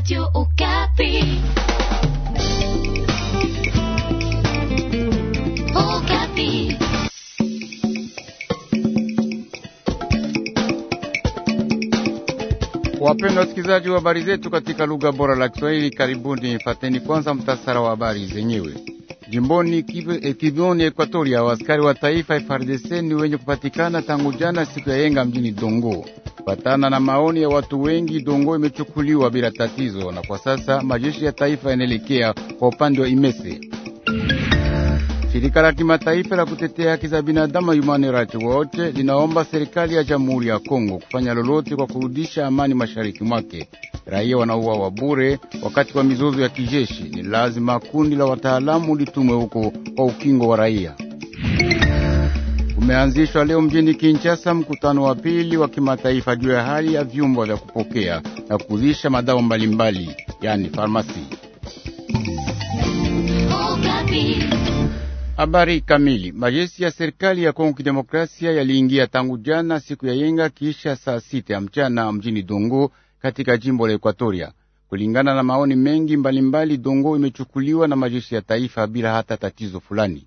Radio Okapi. Okapi. Wapendwa wasikilizaji wa habari zetu katika lugha bora la Kiswahili, karibuni. Fateni kwanza mtasara wa habari zenyewe. Jimboni Kivu eh, Ekwatoria, askari wa taifa FARDC ni wenye kupatikana tangu jana siku ya yenga mjini Dongo Patana na maoni ya watu wengi, Dongo imechukuliwa bila tatizo, na kwa sasa majeshi ya taifa yanaelekea kwa upande wa Imese. Shirika la kimataifa la kutetea haki za binadamu Human Rights Watch linaomba serikali ya Jamhuri ya Kongo kufanya lolote kwa kurudisha amani mashariki mwake. Raia wanauawa bure wakati wa mizozo ya kijeshi. Ni lazima kundi la wataalamu litumwe huko kwa ukingo wa raia umeanzishwa leo mjini Kinshasa mkutano wa pili wa kimataifa juu ya hali ya vyumba vya kupokea na kuuzisha madawa mbalimbali, yani farmasi. Habari kamili. Majeshi ya serikali ya Kongo Kidemokrasia yaliingia tangu jana siku ya yenga kisha saa sita ya mchana mjini Dongo katika jimbo la Ekuatoria. Kulingana na maoni mengi mbalimbali, Dongo imechukuliwa na majeshi ya taifa bila hata tatizo fulani.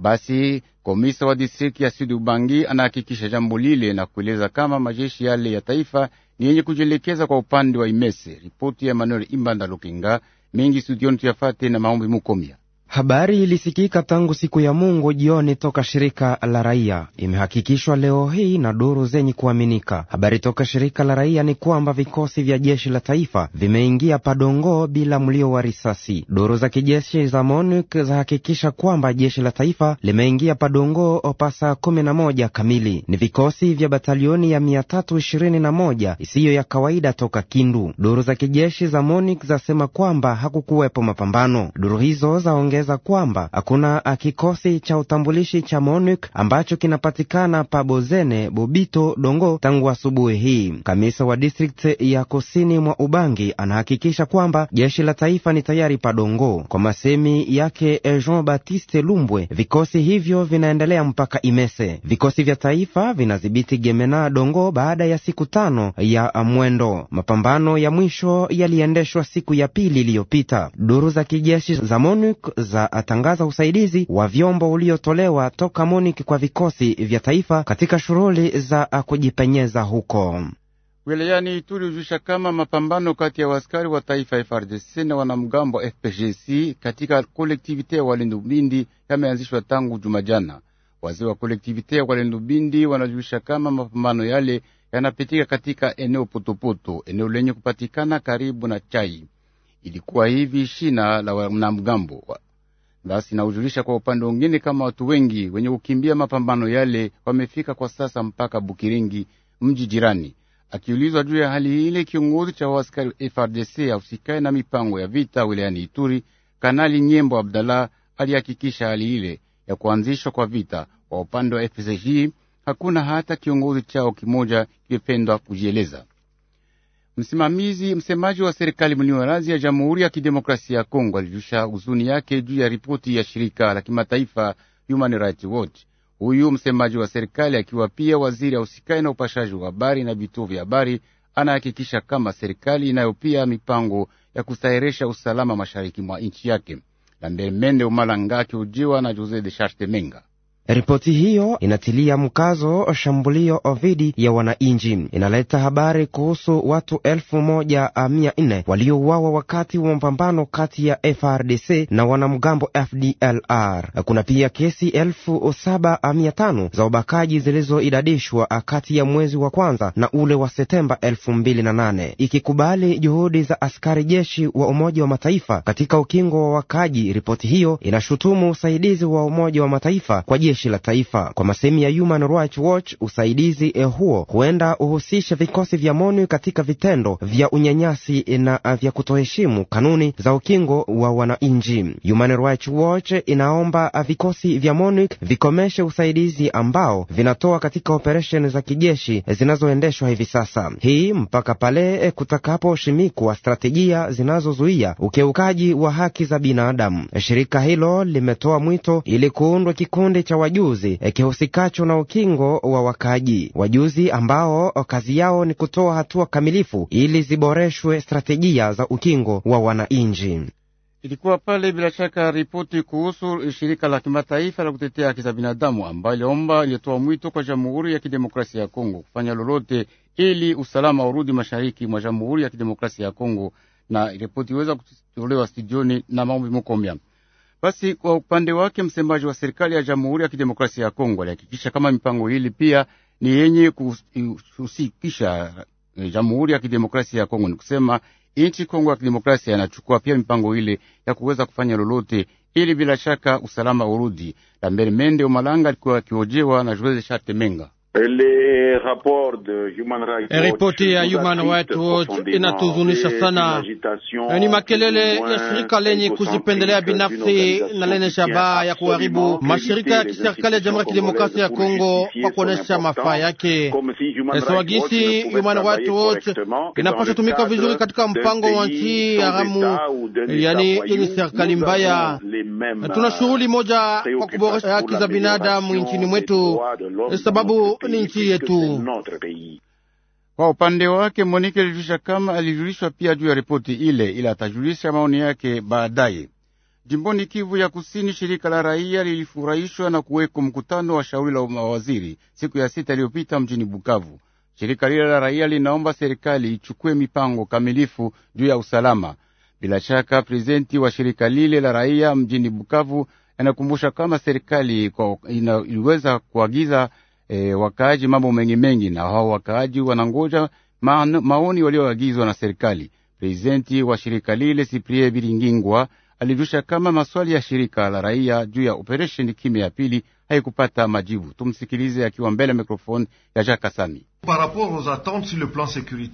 Basi komisa wa distrikti ya Sud Ubangi anahakikisha jambo lile na kueleza kama majeshi yale ya taifa ni yenye kujielekeza kwa upande wa Imese. Ripoti ya Manuel Imbanda Lukinga mengi studioni tuyafate na maombi Mukomya. Habari ilisikika tangu siku ya Mungu jioni toka shirika la raia, imehakikishwa leo hii na duru zenye kuaminika. Habari toka shirika la raia ni kwamba vikosi vya jeshi la taifa vimeingia Padongo bila mlio wa risasi. Duru za kijeshi za MONUC zahakikisha kwamba jeshi la taifa limeingia Padongo opa saa kumi na moja kamili. Ni vikosi vya batalioni ya mia tatu ishirini na moja isiyo ya kawaida toka Kindu. Duru za kijeshi za MONUC zasema kwamba hakukuwepo mapambano. Duru hizo zaonge kueleza kwamba hakuna kikosi cha utambulishi cha MONUC ambacho kinapatikana pa Bozene Bobito Dongo tangu asubuhi hii. Kamisa wa district ya kusini mwa Ubangi anahakikisha kwamba jeshi la taifa ni tayari pa Dongo. Kwa masemi yake Jean Baptiste Lumbwe, vikosi hivyo vinaendelea mpaka Imese. Vikosi vya taifa vinadhibiti Gemena Dongo baada ya siku tano ya mwendo. Mapambano ya mwisho yaliendeshwa siku ya pili iliyopita. Duru za kijeshi za MONUC Gaza atangaza usaidizi wa vyombo uliotolewa toka MONUC kwa vikosi vya taifa katika shughuli za kujipenyeza huko. Wilayani Ituri hujusha kama mapambano kati ya waskari wa taifa FRDC na wanamgambo wa FPGC katika kolektivite ya Walendu Bindi yameanzishwa tangu Jumajana. Wazee wa kolektivite ya Walendu Bindi wanajulisha kama mapambano yale yanapitika katika eneo Potopoto, eneo lenye kupatikana karibu na Chai. Ilikuwa hivi shina la wanamgambo wa basi naujulisha kwa upande wengine kama watu wengi wenye kukimbia mapambano yale wamefika kwa sasa mpaka Bukiringi, mji jirani. Akiulizwa juu ya hali ile, kiongozi cha waaskari FRDC ausikae na mipango ya vita wilayani Ituri, Kanali Nyembo Abdallah alihakikisha hali ile ya kuanzishwa kwa vita. Kwa upande wa FCG hakuna hata kiongozi chao kimoja kilipendwa kujieleza. Msimamizi msemaji wa serikali mliwarazi ya Jamhuri ya Kidemokrasia ya Kongo alijusha huzuni yake juu ya ripoti ya shirika la kimataifa Human Rights Watch. Huyu msemaji wa serikali akiwa pia waziri ausikai na upashaji wa habari na vituo vya habari anahakikisha kama serikali inayo pia mipango ya kustahiresha usalama mashariki mwa nchi yake. Lambermende Umalanga akiujiwa na Jose de charte Menga Ripoti hiyo inatilia mkazo shambulio dhidi ya wananchi, inaleta habari kuhusu watu elfu moja ah, mia nne waliouawa wakati wa mapambano kati ya FRDC na wanamgambo FDLR. Kuna pia kesi elfu saba ah, mia tano za ubakaji zilizoidadishwa ah, kati ya mwezi wa kwanza na ule wa Septemba elfu mbili na nane ikikubali juhudi za askari jeshi wa Umoja wa Mataifa katika ukingo wa wakaji. Ripoti hiyo inashutumu usaidizi wa Umoja wa Mataifa kwa jeshi jeshi la taifa. Kwa masemi ya Human Rights Watch, usaidizi eh, huo huenda uhusishe vikosi vya MONU katika vitendo vya unyanyasi na eh, vya kutoheshimu kanuni za ukingo wa wananchi. Human Rights Watch inaomba eh, vikosi vya MONU vikomeshe usaidizi ambao vinatoa katika operesheni za kijeshi zinazoendeshwa hivi sasa, hii mpaka pale kutakaposhimikwa stratejia zinazozuia ukeukaji wa haki za binadamu. Shirika hilo limetoa mwito ili kuundwa kikundi cha wajuzi eh, kihusikacho na ukingo wa wakaaji, wajuzi ambao eh, kazi yao ni kutoa hatua kamilifu ili ziboreshwe stratejia za ukingo wa wananchi. Ilikuwa pale bila shaka ripoti kuhusu shirika la kimataifa la kutetea haki za binadamu ambayo iliomba iliyotoa mwito kwa Jamhuri ya Kidemokrasia ya Kongo kufanya lolote ili usalama urudi mashariki mwa Jamhuri ya Kidemokrasia ya Kongo, na ripoti iweza kutolewa studioni na Maombi Mukomya. Basi kwa upande wake msemaji wa serikali ya Jamhuri ya Kidemokrasia ya Kongo alihakikisha kama mipango hili pia ni yenye kuhusikisha Jamhuri ya Kidemokrasia ya Kongo. Ni kusema nchi Kongo ya Kidemokrasia yanachukua pia mipango ile ya kuweza kufanya lolote ili bila shaka usalama urudi. Lambert Mende Omalanga alikuwa akiojewa na Jose Sharte Menga ripoti ya Human Rights Watch inatuzunisha sana. Ni makelele ya shirika lenye kuzipendelea binafsi na lenye shabaha ya kuharibu mashirika ya kiserikali ya Jamhuri ya Kidemokrasia ya Kongo kwa kuonyesha mafaa yake. Sawagisi Human Rights Watch inapaswa tumika vizuri katika mpango wa nchi haramu, yani yenye serikali mbaya. Tuna shughuli moja kwa kuboresha haki za binadamu nchini mwetu, sababu ni nchi yetu. Kwa upande wake monike alijulisha kama alijulishwa pia juu ya ripoti ile, ila atajulisha maoni yake baadaye. Jimboni Kivu ya Kusini, shirika la raia lilifurahishwa na kuweko mkutano wa shauri la mawaziri siku ya sita iliyopita mjini Bukavu. Shirika lile la raia linaomba serikali ichukue mipango kamilifu juu ya usalama. Bila shaka, prezidenti wa shirika lile la raia mjini Bukavu anakumbusha kama serikali iliweza kuagiza e, wakaaji mambo mengi mengi, na hao wakaaji wanangoja maoni walioagizwa na serikali. Prezidenti wa shirika lile Siprie viringingwa alijusha kama maswali ya shirika la raia juu ya operesheni kimya ya pili haikupata majibu. Tumsikilize akiwa mbele ya mikrofoni ya Jaka Sami.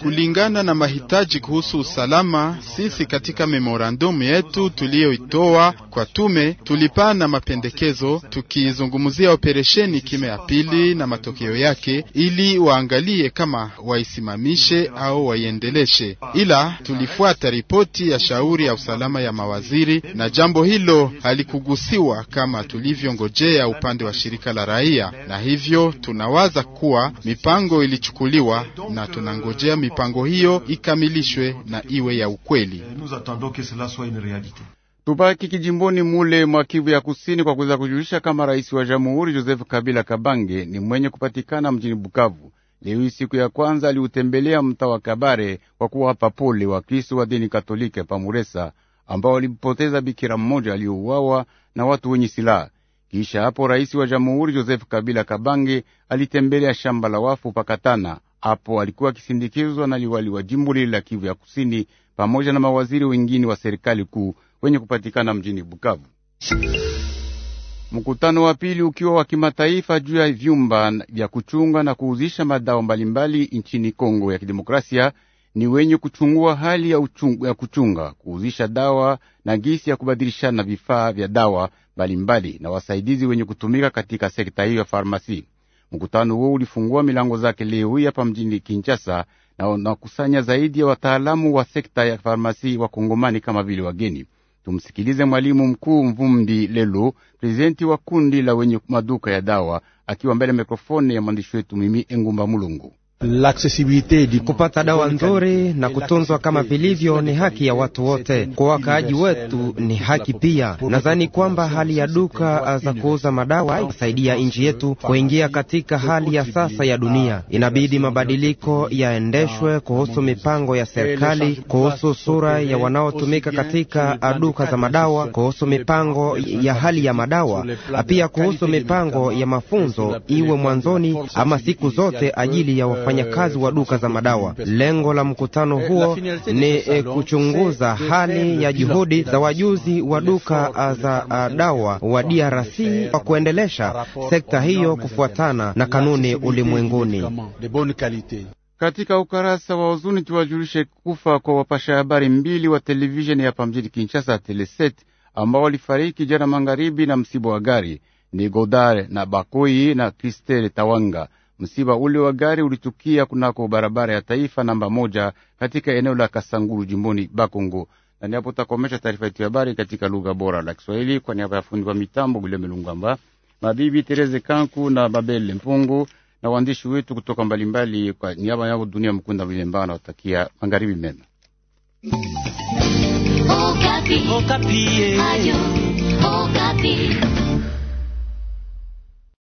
Kulingana na mahitaji kuhusu usalama, sisi katika memorandumu yetu tuliyoitoa kwa tume tulipana mapendekezo tukizungumzia operesheni kime ya pili na matokeo yake, ili waangalie kama waisimamishe au waiendeleshe, ila tulifuata ripoti ya shauri ya usalama ya mawaziri, na jambo hilo halikugusiwa kama tulivyongojea upande wa shirika la raia, na hivyo tunawaza kuwa mipango ili ilichukuliwa na tunangojea mipango hiyo ikamilishwe na iwe ya ukweli. Tubaki kijimboni mule mwa Kivu ya Kusini kwa kuweza kujulisha kama rais wa jamhuri Joseph Kabila Kabange ni mwenye kupatikana mjini Bukavu. Leo hii siku ya kwanza aliutembelea mtaa wa Kabare kwa kuwapa pole Wakristo wa dini Katolike pamuresa ambao walimpoteza bikira mmoja aliyouawa na watu wenye silaha. Kisha hapo rais wa jamhuri Joseph Kabila Kabange alitembelea shamba la wafu Pakatana. Hapo alikuwa akisindikizwa na liwali wa jimbo lile la Kivu ya Kusini pamoja na mawaziri wengine wa serikali kuu wenye kupatikana mjini Bukavu. Mkutano wa pili ukiwa wa kimataifa juu ya vyumba vya kuchunga na kuuzisha madawa mbalimbali nchini Kongo ya Kidemokrasia ni wenye kuchungua hali ya, uchungu, ya kuchunga kuuzisha dawa na gisi ya kubadilishana vifaa vya dawa mbalimbali na wasaidizi wenye kutumika katika sekta hiyo ya farmasi. Mkutano huo ulifungua milango zake leo hii hapa mjini Kinshasa na unakusanya zaidi ya wataalamu wa sekta ya farmasi wa Kongomani kama vile wageni. Tumsikilize mwalimu mkuu Mvumdi Lelo, prezidenti wa kundi la wenye maduka ya dawa, akiwa mbele ya mikrofoni ya mwandishi wetu Mimi Engumba Mulungu. Mm. Kupata dawa nzuri na kutunzwa kama vilivyo ni haki ya watu wote, kwa wakaaji wetu ni haki pia. Nadhani kwamba hali ya duka za kuuza madawa itasaidia nchi yetu kuingia katika hali ya sasa ya dunia. Inabidi mabadiliko yaendeshwe kuhusu mipango ya serikali, kuhusu sura ya wanaotumika katika duka za madawa, kuhusu mipango ya hali ya madawa, pia kuhusu mipango ya mafunzo, iwe mwanzoni ama siku zote ajili ya wafanyakazi wa duka za madawa. Lengo la mkutano eh, huo ni eh, kuchunguza hali ya juhudi za wajuzi wa duka ah, za ah, dawa wa DRC kwa kuendelesha sekta hiyo kufuatana na kanuni ulimwenguni. Katika ukarasa wa uzuni tuwajulishe kufa kwa wapasha habari mbili wa televisheni hapa mjini Kinshasa, Teleset, ambao walifariki jana magharibi na msiba wa gari ni Godare na Bakoi na Kristel Tawanga. Msiba ule wa gari ulitukia kunako barabara ya taifa namba moja katika eneo la Kasangulu jimboni Bakongo. Na niapo takomesha taarifa yetu ya habari katika lugha bora la Kiswahili kwa niaba ya fundi wa mitambo Guileme Lungamba, mabibi Tereze Kanku na Babele Mpungu na waandishi wetu kutoka mbalimbali mbali, kwa niaba yao dunia mkunda vilemba anawatakia magharibi mema. Okapi. Okapi. Eh. Ayo. Okapi.